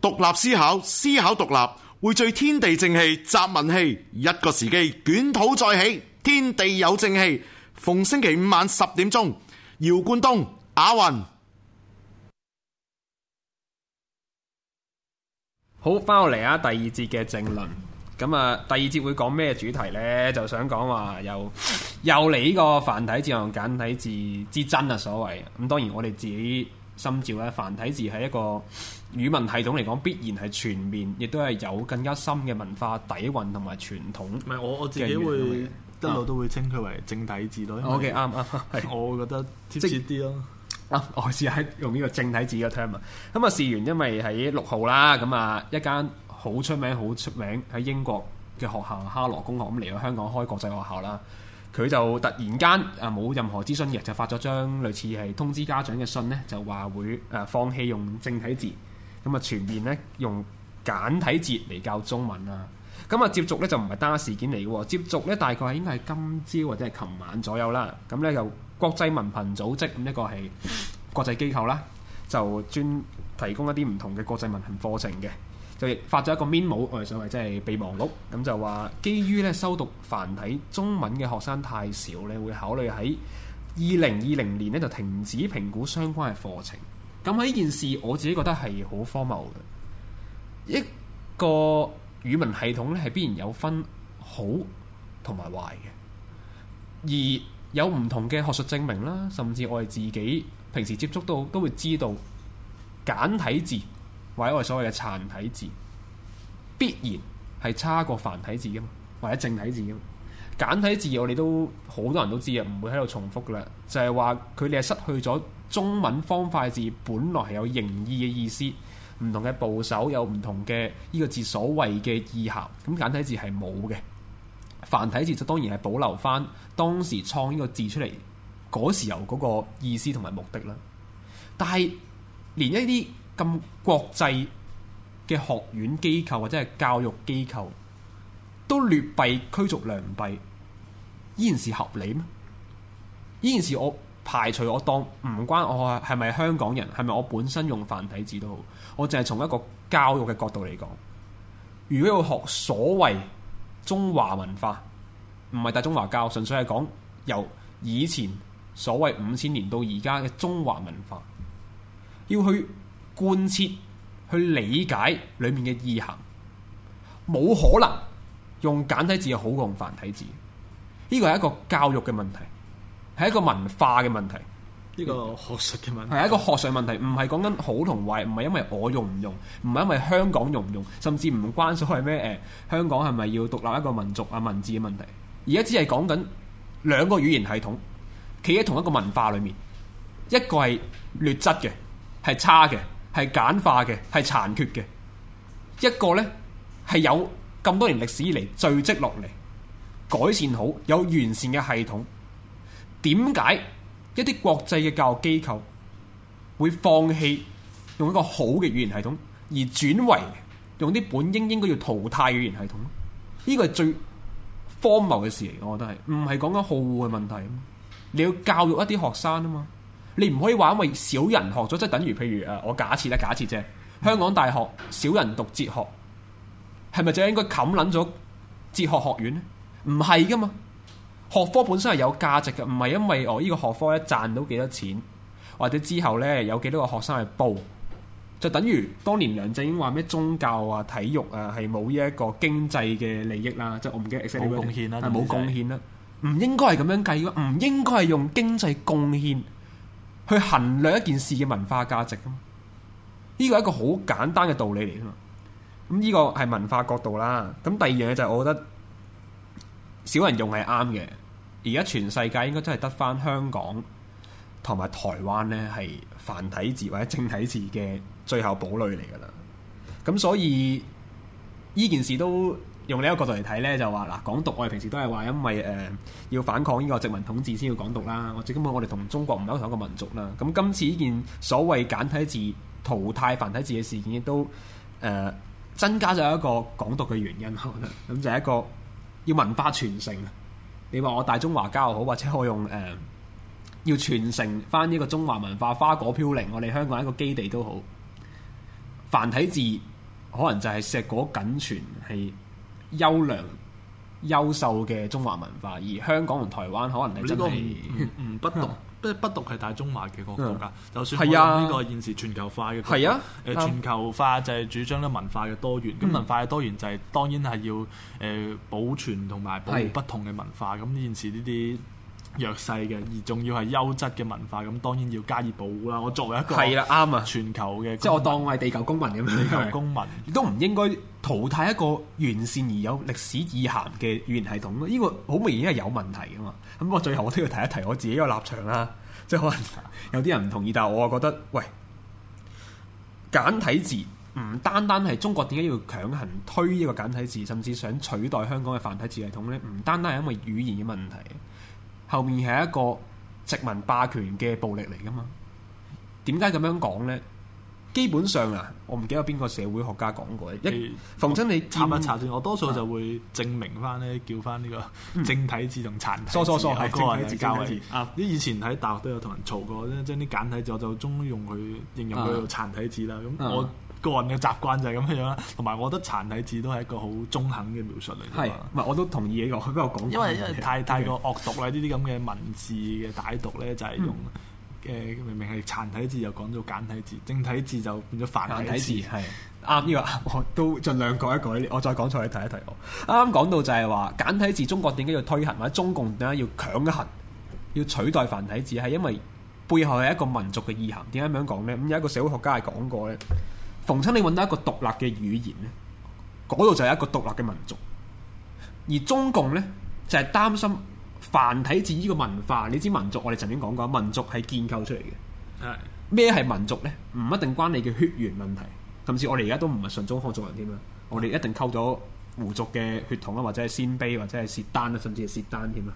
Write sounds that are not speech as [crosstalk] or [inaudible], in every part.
獨立思考，思考獨立，匯聚天地正氣，集文氣，一個時機，捲土再起，天地有正氣。逢星期五晚十點鐘，姚冠東、阿云。好，翻落嚟啊，第二節嘅政論。咁啊，第二節會講咩主題呢？就想講話又又嚟呢個繁體字同簡體字之爭啊，所謂。咁當然，我哋自己。心照咧，繁體字係一個語文系統嚟講，必然係全面，亦都係有更加深嘅文化底蘊同埋傳統。唔係我我自己會一路都會稱佢為正體字咯。O K，啱啱，係我覺得貼切啲咯。啱正、嗯，我試下用呢個正體字嘅 t e r m 咁啊、嗯，我事源、嗯，因為喺六號啦，咁啊一間好出名、好出名喺英國嘅學校哈羅公學，咁嚟到香港開國際學校啦。佢就突然間啊冇任何資訊諮詢嘅，就發咗張類似係通知家長嘅信呢就話會誒放棄用正體字，咁啊全面咧用簡體字嚟教中文啦、啊。咁啊接續咧就唔係單一事件嚟嘅，接續咧大概應該係今朝或者係琴晚左右啦。咁咧由國際文憑組織咁一個係國際機構啦，就專提供一啲唔同嘅國際文憑課程嘅，就發咗一個 memo，我哋所謂即係備忘錄。咁就話，基於咧修讀繁體中文嘅學生太少咧，會考慮喺二零二零年咧就停止評估相關嘅課程。咁喺呢件事，我自己覺得係好荒謬嘅。一個語文系統咧係必然有分好同埋壞嘅，而有唔同嘅學術證明啦，甚至我哋自己平時接觸到都會知道簡體字。或者我所謂嘅殘體字，必然係差過繁體字嘅嘛，或者正體字嘅嘛。簡體字我哋都好多人都知啊，唔會喺度重複啦。就係話佢哋係失去咗中文方塊字本來係有形意嘅意思，唔同嘅部首有唔同嘅呢個字所謂嘅意涵。咁簡體字係冇嘅，繁體字就當然係保留翻當時創呢個字出嚟嗰時候嗰個意思同埋目的啦。但係連一啲咁國際嘅學院機構或者係教育機構都劣幣驅逐良幣，依然是合理咩？依件事我排除我當唔關我係咪香港人，係咪我本身用繁體字都好，我淨係從一個教育嘅角度嚟講。如果要學所謂中華文化，唔係大中華教，純粹係講由以前所謂五千年到而家嘅中華文化，要去，貫徹去理解裏面嘅意涵，冇可能用簡體字好過用繁體字。呢個係一個教育嘅問題，係一個文化嘅問題，呢個學術嘅問題係一個學術問題，唔係講緊好同壞，唔係因為我用唔用，唔係因為香港用唔用，甚至唔關所謂咩誒香港係咪要獨立一個民族啊文字嘅問題。而家只係講緊兩個語言系統企喺同一個文化裏面，一個係劣質嘅，係差嘅。係簡化嘅，係殘缺嘅。一個呢，係有咁多年歷史以嚟，聚積落嚟改善好，有完善嘅系統。點解一啲國際嘅教育機構會放棄用一個好嘅語言系統，而轉為用啲本應應該要淘汰嘅語言系統？呢個係最荒謬嘅事嚟，我覺得係唔係講緊好壞嘅問題。你要教育一啲學生啊嘛。你唔可以話，因為小人學咗，即係等於，譬如誒，我假設啦，假設啫。香港大學小人讀哲學，係咪就應該冚撚咗哲學學院咧？唔係噶嘛，學科本身係有價值嘅，唔係因為我呢個學科咧賺到幾多錢，或者之後呢有幾多個學生去報，就等於當年梁振英話咩宗教啊、體育啊係冇呢一個經濟嘅利益啦。即係我唔記得誒咩冇貢獻啦，冇貢獻啦，唔應該係咁樣計，唔應該係用經濟貢獻。去衡量一件事嘅文化價值，呢個一個好簡單嘅道理嚟噶嘛。咁呢個係文化角度啦。咁第二樣嘢就係我覺得少人用係啱嘅。而家全世界應該真係得翻香港同埋台灣咧係繁體字或者正體字嘅最後堡壘嚟噶啦。咁所以呢件事都。用呢個角度嚟睇呢就話嗱，港獨，我哋平時都係話，因為誒、呃、要反抗呢個殖民統治先要港獨啦。或者根本，我哋同中國唔係同一個民族啦。咁今次呢件所謂簡體字淘汰繁體字嘅事件，亦都誒增加咗一個港獨嘅原因，我覺得。咁就係一個要文化傳承。你話我大中華膠又好，或者我用誒、呃、要傳承翻呢個中華文化花果飄零，我哋香港一個基地都好。繁體字可能就係碩果僅存係優良、優秀嘅中華文化，而香港同台灣可能係真係唔不獨，即係不獨係 [laughs] 大中華嘅個國家。 [laughs] 就算喺呢個現時全球化嘅，係啊，誒全球化就係主張咧文化嘅多元，咁、啊、文化嘅多元就係、是嗯、當然係要誒保存同埋保護不同嘅文化。咁是現時呢啲弱勢嘅，而仲要係優質嘅文化，咁當然要加以保護啦。我作為一個係啦，啱啊，全球嘅即係我當我係地球公民咁，地球公民亦都唔應該淘汰一個完善而有歷史意涵嘅語言系統。呢個好明顯係有問題噶嘛。咁不過最後我都要提一提我自己個立場啦，即係可能有啲人唔同意，但係我覺得喂簡體字唔單單係中國點解要強行推呢個簡體字，甚至想取代香港嘅繁體字系統呢？唔單單係因為語言嘅問題。後面係一個殖民霸權嘅暴力嚟㗎嘛？點解咁樣講咧？基本上啊，我唔記得有邊個社會學家講過。一，馮真你查一查先，嗯、我多數就會證明翻咧，叫翻呢個正體字同殘體字。錯錯錯，啊哥啊哥啊！以前喺大學都有同人嘈過咧，嗯、即係啲簡體字我就中用佢認入佢度殘體字啦。咁我、嗯。嗯嗯個人嘅習慣就係咁樣樣啦，同埋我覺得殘體字都係一個好中肯嘅描述嚟嘅。係是，我都同意呢個，佢比較講。因為因太太過惡毒啦，呢啲咁嘅文字嘅解讀咧，就係用誒明明係殘體字，又講咗簡體字，正體字就變咗繁體字。係啱，呢個，我都盡量改一改。我再講錯，你睇一睇。我啱啱講到就係話簡體字，中國點解要推行或者中共點解要強行要取代繁體字，係因為背後係一個民族嘅意涵。點解咁樣講呢？咁有一個社會學家係講過咧。逢親你揾到一個獨立嘅語言，呢嗰度就有一個獨立嘅民族。而中共呢，就係、是、擔心繁體字呢個文化。你知民族，我哋曾經講過，民族係建構出嚟嘅。咩係的民族呢？唔一定關你嘅血緣問題。甚至我哋而家都唔係純種漢族人添啦。我哋一定溝咗胡族嘅血統啊，或者係鮮卑，或者係涉丹啊，甚至係涉丹添啦。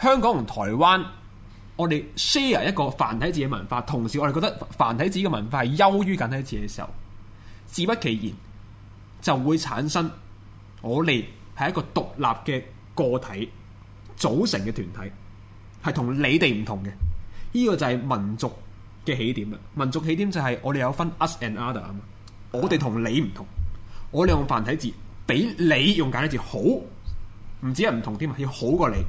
香港同台灣。我哋 share 一個繁體字嘅文化，同時我哋覺得繁體字嘅文化係優於簡體字嘅時候，自不其然就會產生我哋係一個獨立嘅個體組成嘅團體，係同你哋唔同嘅。呢個就係民族嘅起點啦。民族起點就係我哋有分 us and other 啊嘛。我哋同你唔同，我哋用繁體字比你用簡體字好，唔止係唔同添啊，要好過你。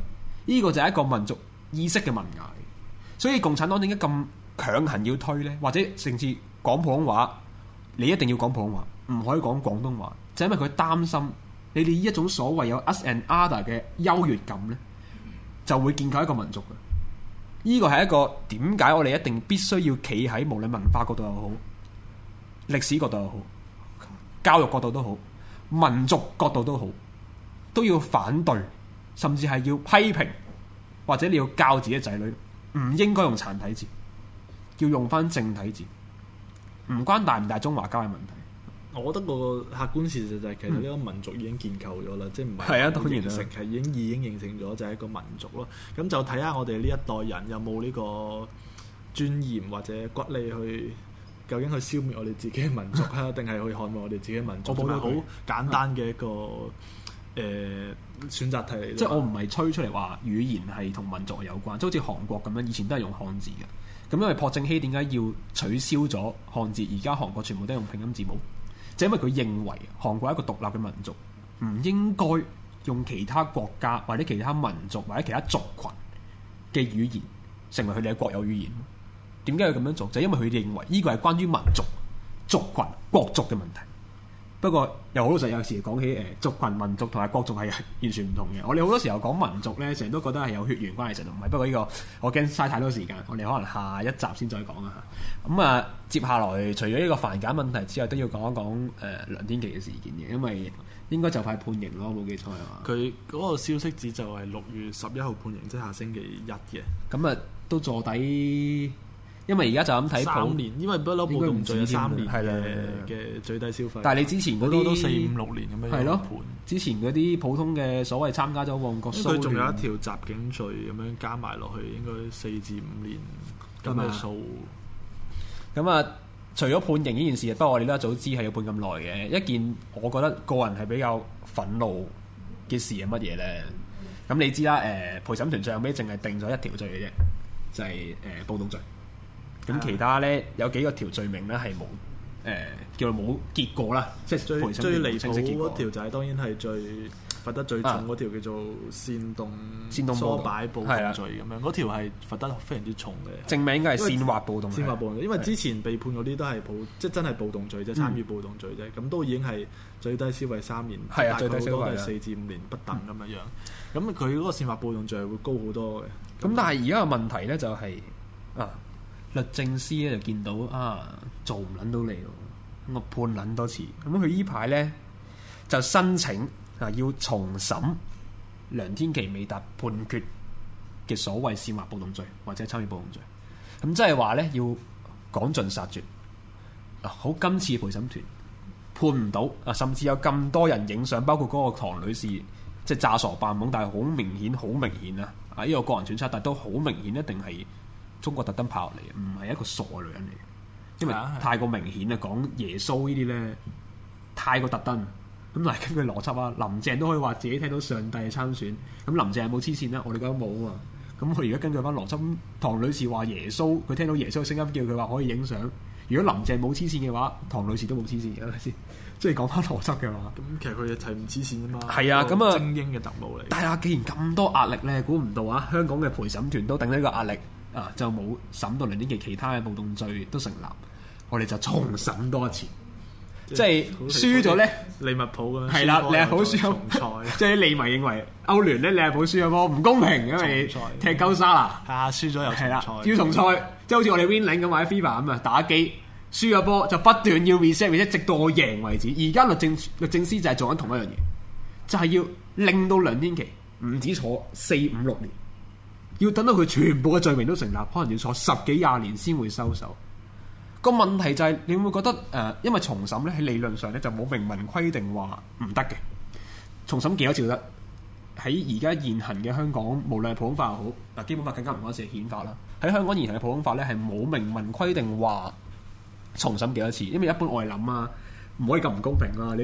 呢個就係一個民族意識嘅文雅。所以共產黨點解咁強行要推呢？或者甚至講普通話，你一定要講普通話，唔可以講廣東話，就係因為佢擔心你哋呢一種所謂有 us and other 嘅優越感呢，就會建構一個民族。呢個係一個點解我哋一定必須要企喺無論文化角度又好、歷史角度又好、教育角度都好、民族角度都好，都要反對，甚至係要批評，或者你要教自己仔女，唔應該用殘體字，要用翻正體字。唔關大唔大中華家嘅問題。我覺得個客觀事實就係其實呢個民族已經建構咗啦，嗯、即係唔係形成係、啊、已經已已經形成咗就係一個民族咯。咁就睇下我哋呢一代人有冇呢個尊嚴或者骨力去，究竟去消滅我哋自己嘅民族啊，定係去捍衞我哋自己嘅民族？同埋好簡單嘅一個、嗯。誒、嗯、選擇題，即係我唔係吹出嚟話語言係同民族有關，即好似韓國咁樣，以前都係用漢字嘅。咁因為朴正熙點解要取消咗漢字，而家韓國全部都係用拼音字母，就是、因為佢認為韓國係一個獨立嘅民族，唔應該用其他國家或者其他民族或者其他族群嘅語言成為佢哋嘅國有語言。點解要咁樣做？就是、因為佢哋認為呢個係關於民族、族群、國族嘅問題。不過又好多時，有時講起誒族群、民族同埋國族係完全唔同嘅。我哋好多時候講民族呢，成日都覺得係有血緣關係，實唔係。不過呢個我驚嘥太多時間，我哋可能下一集先再講啊。咁啊，接下來除咗呢個繁簡問題之外，都要講一講誒梁天琦嘅事件嘅，因為應該就快判刑咯，冇記錯係嘛？佢嗰個消息指就係六月十一號判刑，即係下星期一嘅。咁啊，都坐底。因為而家就咁睇，往年因為不嬲暴動罪三年嘅嘅最低消費。但係你之前嗰啲四五六年咁樣判，之前嗰啲普通嘅所謂參加咗旺角騷亂，仲有一條襲警罪咁樣加埋落去，應該四至五年咁嘅吧數。咁啊，除咗判刑呢件事，不過我哋都早知係要判咁耐嘅一件。我覺得個人係比較憤怒嘅事係乜嘢咧？咁你知啦，誒、呃、陪審團最後尾淨係定咗一條罪嘅啫，就係、是、誒、呃、暴動罪。咁其他咧，有幾個條罪名咧，係冇誒，叫冇結果啦，即係最最離譜嗰條就係當然係最罰得最重嗰條叫做煽動，唆擺暴動罪咁樣，嗰條係罰得非常之重嘅。證明應該係煽惑暴動、煽惑暴動，因為之前被判嗰啲都係暴即係真係暴動罪啫，參與暴動罪啫，咁都已經係最低消費三年，大概都係四至五年不等咁樣樣。咁佢嗰個煽惑暴動罪會高好多嘅。咁但係而家嘅問題咧就係啊。律政司咧就見到啊，做唔撚到你咯，個判撚多次。咁佢依排咧就申請啊，要重審梁天琦未達判決嘅所謂煽惑暴動罪或者參與暴動罪。咁即係話咧要趕盡殺絕。好，今次陪審團判唔到啊，甚至有咁多人影相，包括嗰個唐女士，即係詐傻扮懵，但係好明顯，好明顯啊！啊，依個個人揣測，但係都好明顯，一定係。中國特登跑嚟，唔係一個傻女人嚟，因為太過明顯啦。講耶穌呢啲咧，太過特登。咁嚟根據邏輯啊，林鄭都可以話自己聽到上帝嘅參選。咁林鄭有冇黐線咧？我哋覺得冇啊嘛。咁佢而家根據翻邏輯，唐女士話耶穌，佢聽到耶穌聲音叫佢話可以影相。如果林鄭冇黐線嘅話，唐女士都冇黐線。係咪先？即係講翻邏輯嘅話。咁其實佢就唔黐線啊嘛。係啊，咁啊精英嘅特務嚟。但係啊，既然咁多壓力咧，估唔到啊，香港嘅陪審團都頂呢個壓力。啊！就冇審到梁天琦，其他嘅暴動罪都成立，我哋就重審多次。即係輸咗咧，利物浦咁。係了啦，了你係好輸咗賽。即係利物浦認為歐聯咧，你係好輸咗波，唔公平，因為踢鳩沙拿。係啊，輸咗又重賽。啦要重賽，即係好似我哋 winning 咁或者 FIFA 咁啊，打機輸咗波就不斷要 reset，一直到我贏為止。而家律政律政司就係做緊同一樣嘢，就係、是、要令到梁天琦唔止坐四五六年。要等到佢全部嘅罪名都成立，可能要坐十幾廿年先會收手。個問題就係、是、你會唔會覺得誒、呃，因為重審咧喺理論上咧就冇明文規定話唔得嘅。重審幾多次都得。喺而家現行嘅香港，無論係普通法又好，嗱，基本法更加唔好意思，憲法啦。喺香港現行嘅普通法咧係冇明文規定話重審幾多次，因為一般我係諗啊，唔可以咁唔公平啊！你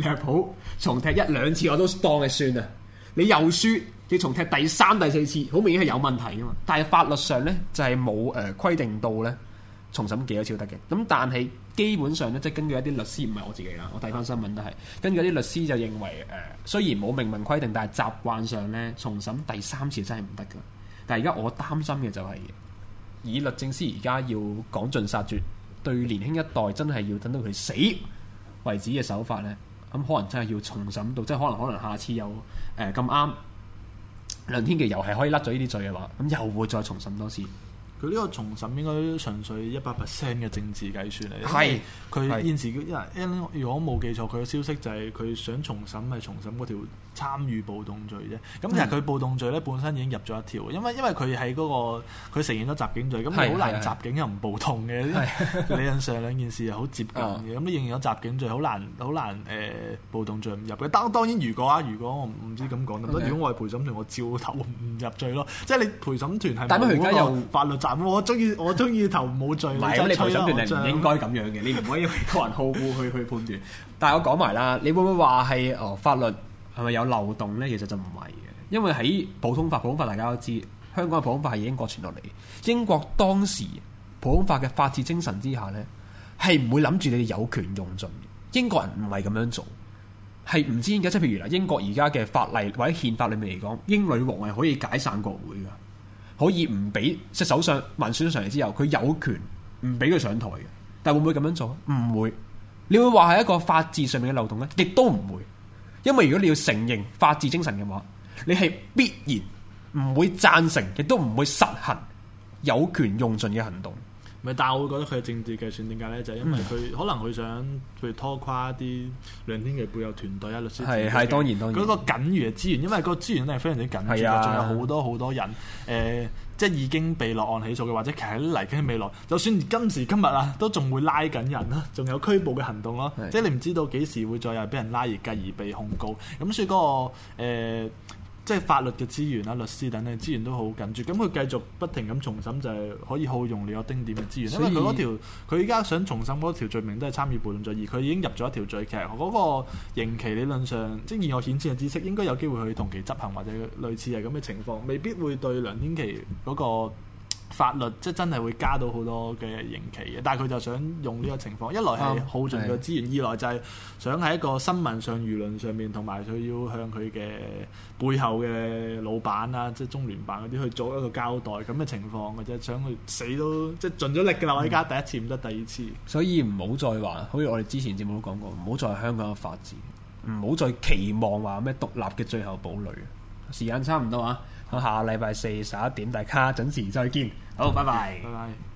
踢踢普重踢一兩次我都當係算啊。你又輸，你重踢第三、第四次，好明顯係有問題噶嘛。但係法律上呢，就係冇誒規定到呢重審幾多次得嘅。咁但係基本上呢，即係根據一啲律師，唔係我自己啦，我睇翻新聞都係根據一啲律師就認為誒、呃，雖然冇明文規定，但係習慣上呢，重審第三次真係唔得噶。但係而家我擔心嘅就係，以律政司而家要趕盡殺絕，對年輕一代真係要等到佢死為止嘅手法呢。咁、嗯、可能真係要重審到，即係可能可能下次有誒咁啱梁天琦又係可以甩咗呢啲罪嘅話，咁、嗯、又會再重審多次。佢呢個重審應該純粹一百 percent 嘅政治計算嚟，係佢現時，因為如果冇記錯，佢嘅消息就係佢想重審係重審嗰條參與暴動罪啫。咁其實佢暴動罪咧本身已經入咗一條，因為因為佢喺嗰個佢承認咗襲警罪，咁你好難襲警又唔暴動嘅。理論上兩件事又好接近嘅，咁都認咗襲警罪，好難好難誒暴動罪唔入嘅。當當然如果啊，如果我唔知咁講得唔得？如果我係陪審團，我照頭唔入罪咯。即係你陪審團係冇法律我中意我中意投冇罪。唔係咁，你陪審團係唔應該咁樣嘅， [laughs] 你唔可以因為個人好惡去去判斷。但係我講埋啦，你會唔會話係哦？法律係咪有漏洞呢？其實就唔係嘅，因為喺普通法，普通法大家都知，香港嘅普通法係英國傳落嚟。英國當時普通法嘅法治精神之下呢，係唔會諗住你哋有權用盡。英國人唔係咁樣做，係唔知點解。即係譬如啦，英國而家嘅法例或者憲法裏面嚟講，英女王係可以解散國會㗎。可以唔俾隻手上民選上嚟之後，佢有權唔俾佢上台嘅，但會唔會咁樣做？唔會。你會話係一個法治上面嘅漏洞咧，亦都唔會，因為如果你要承認法治精神嘅話，你係必然唔會贊成，亦都唔會實行有權用盡嘅行動。唔但係我會覺得佢係政治計算，點解咧？就係、因為佢可能佢想佢拖垮啲梁天琦背後團隊啊、的律師，係係當然當然。嗰個僅餘嘅資源，因為個資源咧係非常之緊缺嘅，仲的有好多好多人，誒、呃，即係已經被落案起訴嘅，或者其實嚟緊未來，就算今時今日啊，都仲會拉緊人咯，仲有拘捕嘅行動咯，的即係你唔知道幾時會再有俾人拉而繼而被控告。咁所以嗰、那個、呃即係法律嘅資源啊、律師等等資源都好緊張，咁佢繼續不停咁重審就係可以耗用你嗰丁點嘅資源，所以因為佢嗰條佢依家想重審嗰條罪名都係參與暴亂罪，而佢已經入咗一條罪劇，其實嗰個刑期理論上即係現有顯示嘅知識應該有機會去同期執行或者類似係咁嘅情況，未必會對梁天琦嗰、那個。法律即真係會加到好多嘅刑期嘅，但係佢就想用呢個情況，一來係耗盡個資源，嗯、二來就係想喺一個新聞上，上、輿論上面，同埋佢要向佢嘅背後嘅老闆啊，即係中聯辦嗰啲去做一個交代咁嘅情況嘅啫，想佢死都即係盡咗力嘅啦，我而家第一次唔得，第二次。所以唔好再話，好似我哋之前節目都講過，唔好再香港嘅法治，唔好再期望話咩獨立嘅最後堡壘。時間差唔多啊，下禮拜四十一點，大家準時再見。好，拜拜，拜拜。